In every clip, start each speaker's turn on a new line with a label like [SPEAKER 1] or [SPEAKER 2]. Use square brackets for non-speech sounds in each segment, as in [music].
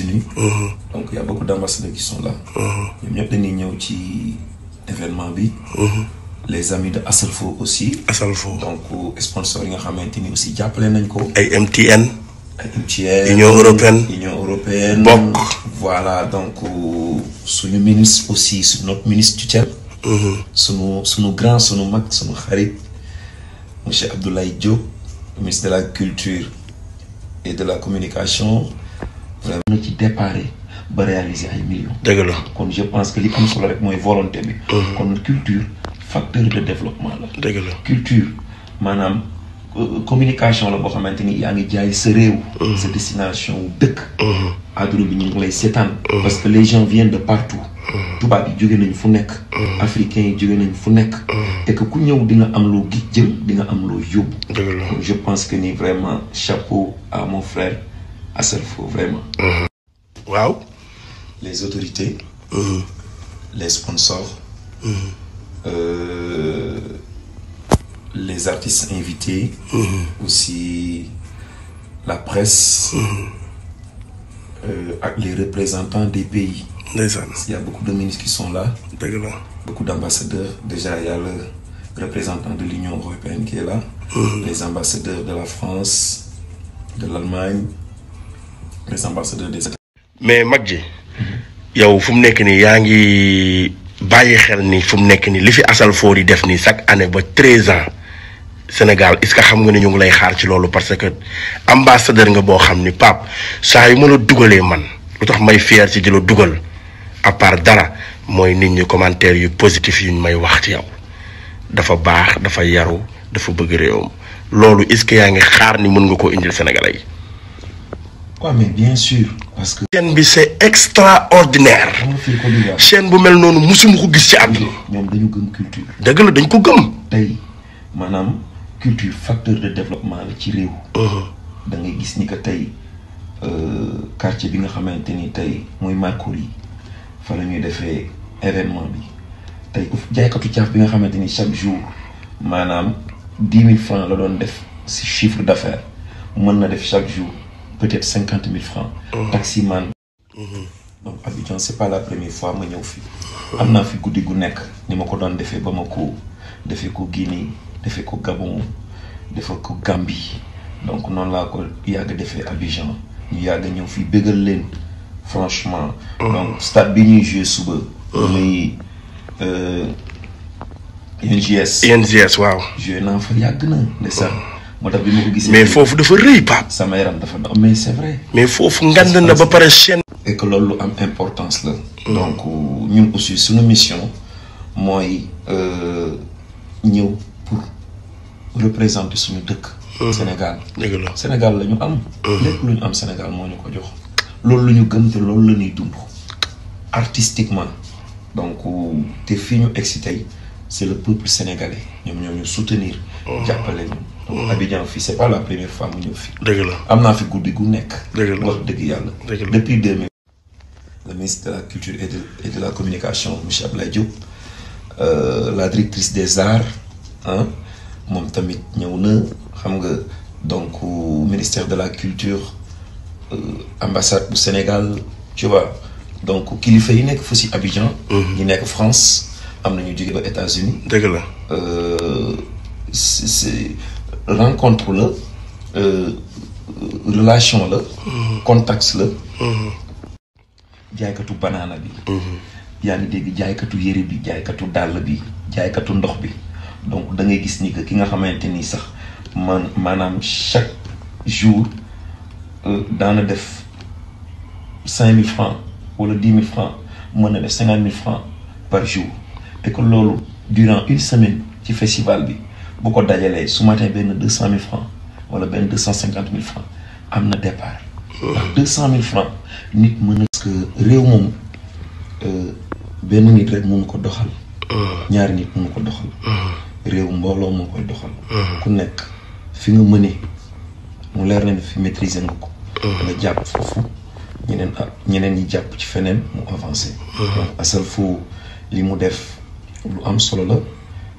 [SPEAKER 1] États-Unis. Uh-huh. donc y' a beaucoup d' ambassadeurs qui sont là. Uh-huh. ñoom ñëpp dañuy ñëw ci événement bi. Uh-huh. les amis de Asalfo aussi. Asalfo donc sponsor yi nga xamante ni aussi jàppale nañ ko. ay MTN. ay MTN Union européenne. Union européenne bokk. voilà donc suñu ministre aussi suñu notre ministre tutelle. suñu suñu grand suñu mag suñu xarit monsieur Abdoulaye Diop ministre de la culture et de la communication. na ci déparé ba réaliser ay millions. dëgg la je pense que li am solo rek mooy volonté bi. kon culture facteur de développement la. dëgg culture maanaam communication la boo xamante ni yaa ngi jaay sa réew. sa destination wu dëkk. àdduna bi ñu ngi lay seetaan. parce que les gens viennent de partout. tubaab yi jóge nañ fu nekk. africains yi jóge nañ fu nekk. et que ku ñëw di nga am loo gi jël di nga am loo yóbbu. je pense que ni vraiment chapeau à mon frère. Assalfo vraiment. Mm-hmm. waaw. les autorités. Mm-hmm. les sponsors. Mm-hmm. Euh, les artistes invités. aussi la presse. Euh, ak les représentants des pays. il y a beaucoup de ministres qui sont là. la beaucoup d'ambassadeurs déjà y a le représentant de l'Union européenne qui est là. les ambassadeurs de la France
[SPEAKER 2] de l'Allemagne. les mais mag ji. yow fu mu nekk nii yaa ngi bàyyi xel ni fu mu nekk nii li fi Assalfor yi def nii chaque année ba treize ans Sénégal est-ce que xam nga ne ñu ngi lay xaar ci loolu parce que ambassadeur nga boo xam ni pap saa yu ma a dugalee man lu tax may fier ci di dugal à part dara mooy nit ñi commentaire yu positif yu ñu may wax ci yow dafa baax dafa yaru dafa bëgg réewam loolu est yaa ngi xaar ni mën nga koo indil Sénégalais yi. waaw mais bien sur parce que. chaîne bi c'est extraordinaire. chaîne bu mel noonu musuma ko gis ci àdduna. ñoom dañu gëm culture. dëgg la dañ ko gëm.
[SPEAKER 1] tey maanaam culture facteur de développement la ci réew. Uh-huh. da ngay gis ni que tey euh, quartier bi nga xamante ni tey mooy Marcory yi fan la ñuy defee événement bi tey ku jaaykatu caaf bi nga xamante ni chaque jour maanaam dix mille francs la doon def si chiffre d'affaires mën na def chaque jour. peut-être cinquante mille francs. taximan. Oh. Mhm. donc Abidjan c'est pas la première fois ma ñëw fi. am naa fi guddi gu nekk ni ma ko doon defee Bamako defee ko Guinée defee ko Gabon defee ko Gambie donc noonu laa ko yàgg defee Abidjan ñu yàgg ñëw fi bégal leen franchement. Mhm. donc stade bi ñuy joué suba. Mhm. muy UNGS. Euh, UNGS waaw. joué naa fa yàgg na ndeysaan. moo tax bi ma ko gisee mais foofu dafa rëy Pape. sama yaram dafa ndaw mais c'est vrai. mais foofu ngand na ba pare chaîne. et loolu lu am importance la. Hmm. donc ñun aussi suñu mission mooy euh, ñëw pour représenter suñu dëkk. Hmm. Sénégal. dëgg la Sénégal lañu am. Hmm. lépp lu ñu am Sénégal moo ñu ko jox. loolu la ñu gën te loolu la ñuy dund artistiquement donc te fii ñu egsi tey c'est le peuple sénégalais ñoom ñoo ñu soutenir. Oh. jàppale ñu. donc hmm. Abidjan fii c'est pas la première fois mu ñëw fii. la am naa fi guddi gu nekk. dëgg wax dëgg yàlla. dëgg la depuis deux mille. le ministre de la culture et de et de la communication monsieur Abdoulaye Diop euh, la directrice des arts moom tamit ñëw na xam nga donc euh, ministère de la culture euh, ambassade bu Sénégal tu vois donc kilifa yi nekk fa si Abidjan. Hmm. ñi nekk France am na ñu jóge ba États-Unis la. rencontre la euh, relation la.
[SPEAKER 2] Mhm.
[SPEAKER 1] contacts la. Mhm. jaaykatu banaana bi. Mhm. yaa ngi dégg jaaykatu yére bi jaaykatu dàll bi jaaykatu ndox bi donc da ngay gis ni que ki nga xamante ni sax man maanaam chaque jour euh, daana def cinq mille francs wala dix mille francs mën na def cinquante mille francs par jour te que loolu durant une semaine ci festival bi. bu ko dajalee su ma benn deux cent mille francs wala benn deux cent cinquante mille francs am na départ. deux cent mille francs nit mën na. parce réew moom euh, benn nit rek mënu ko doxal. ñaari nit mënu ko doxal. réew mbooloo moo koy doxal. ku nekk fi nga mënee mu leer na fi maitriser nga ko. nga jàpp foofu ñeneen ah, ñeneen ñi jàpp ci feneen mu avancé. Mm-hmm. donc asal fu li mu def lu am solo la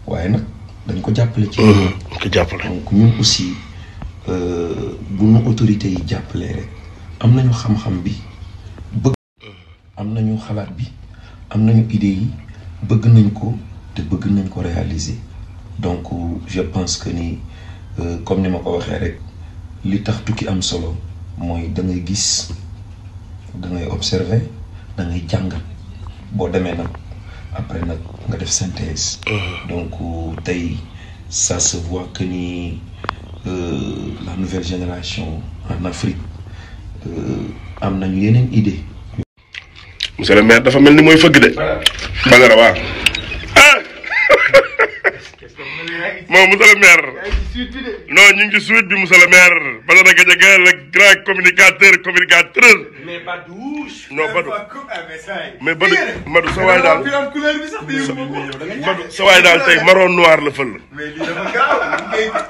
[SPEAKER 1] waaye nag. dañ ko jàppale ci mhm, ko jàppale donc ñun aussi euh, bu ñu autorités yi jàppale rek am nañu xam-xam bi bëgg am nañu xalaat bi am nañu idée yi bëgg nañ ko te bëgg nañ ko réaliser donc je pense que ni euh, comme ni ma ko waxee rek li tax tukki am solo mooy da gis da ngay observer da boo demee nag après nag nga def synthèse. Mhm. donc euh, tey ça se voit que ni euh, la nouvelle génération
[SPEAKER 2] en Afrique euh, am nañu yeneen idée. monsieur le maire dafa mel ni mooy fëgg de. Badara waaw. moom monsieur le maire. non ñu ngi ci suite bi monsieur le maire Badara Gadiaga le grand communicateur communicateur. mais Badou. non Badou ah, mais Badou Badou sa waay daal
[SPEAKER 1] Badou sa waay daal tey
[SPEAKER 2] marron noir la fël. mais lii dafa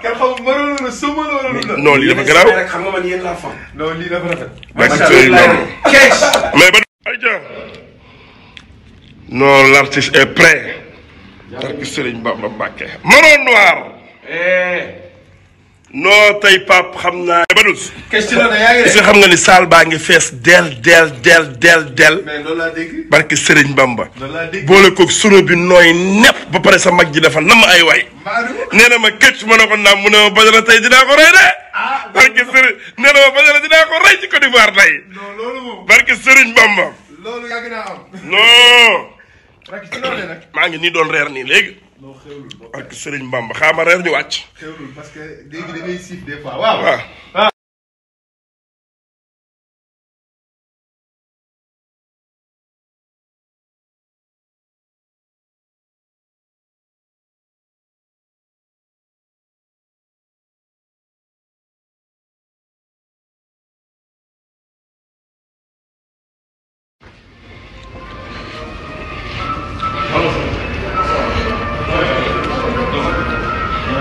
[SPEAKER 2] garaaw maroon la sëmmal wala. non lii dafa garaaw xam nga man yéen laa fam. non lii dafa rafet. macha allah mais Badou. ayca non l'artiste est prêt. barke Sëriñ Bamba Mbàkke noir eh. noo tey pap xam naa badus si xam nga ni saal baa ngi fees del del del del del barke Sëriñ Bamba boole koog sunu bi nooy nepp ba pare sa mag ji dafa nam ay waay nee ma këcc ma ne ko naam mu ne ma tey dinaa ko rey de ah, [laughs] barke Sëriñ nee ma Badara dinaa ko rey ci Côte d'Ivoire tey Sëriñ Bamba loolu maa ngi nii doon reer nii léegi. ak Serigne Mbamba xaama reer ñu wàcc. xewlul parce que léegi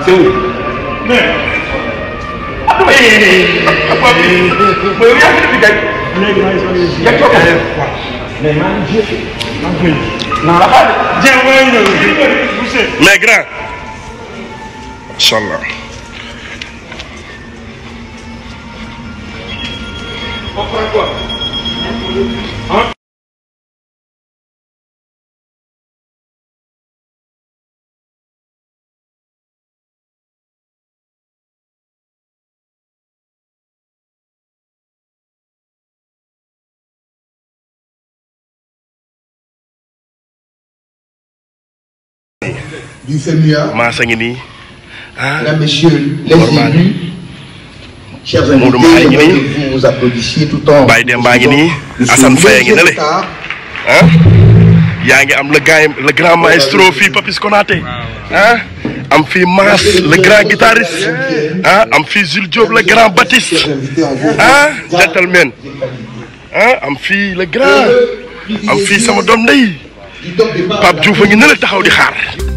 [SPEAKER 2] sëñ bi. ah dama yéene. ak waa bii mooy yow yaa ngi fi daj. léegi maa ngi soog a yéen si. yaa ngi soog a yéen waaw. mais maa ngi jéem. maa ngi koy ji. non la xaar. jéem mooy ñëw. mais grand. macha allah. on prend quoi. ah. Massa ngi nii. ah Mesdames, Messieurs les élus. chers invités, ngi nii. Assane Faye ngi nale. Ah. yaa ngi am la grand le grand maestro fii Papis Konaté. Ah. am fii Mass le grand guitariste. ah am fii Jules Diop le grand baptiste. Ah. ah am fii le grand. Euh, am fii sama doom ndey. Pape Diouf a ngi na la taxaw di xaar.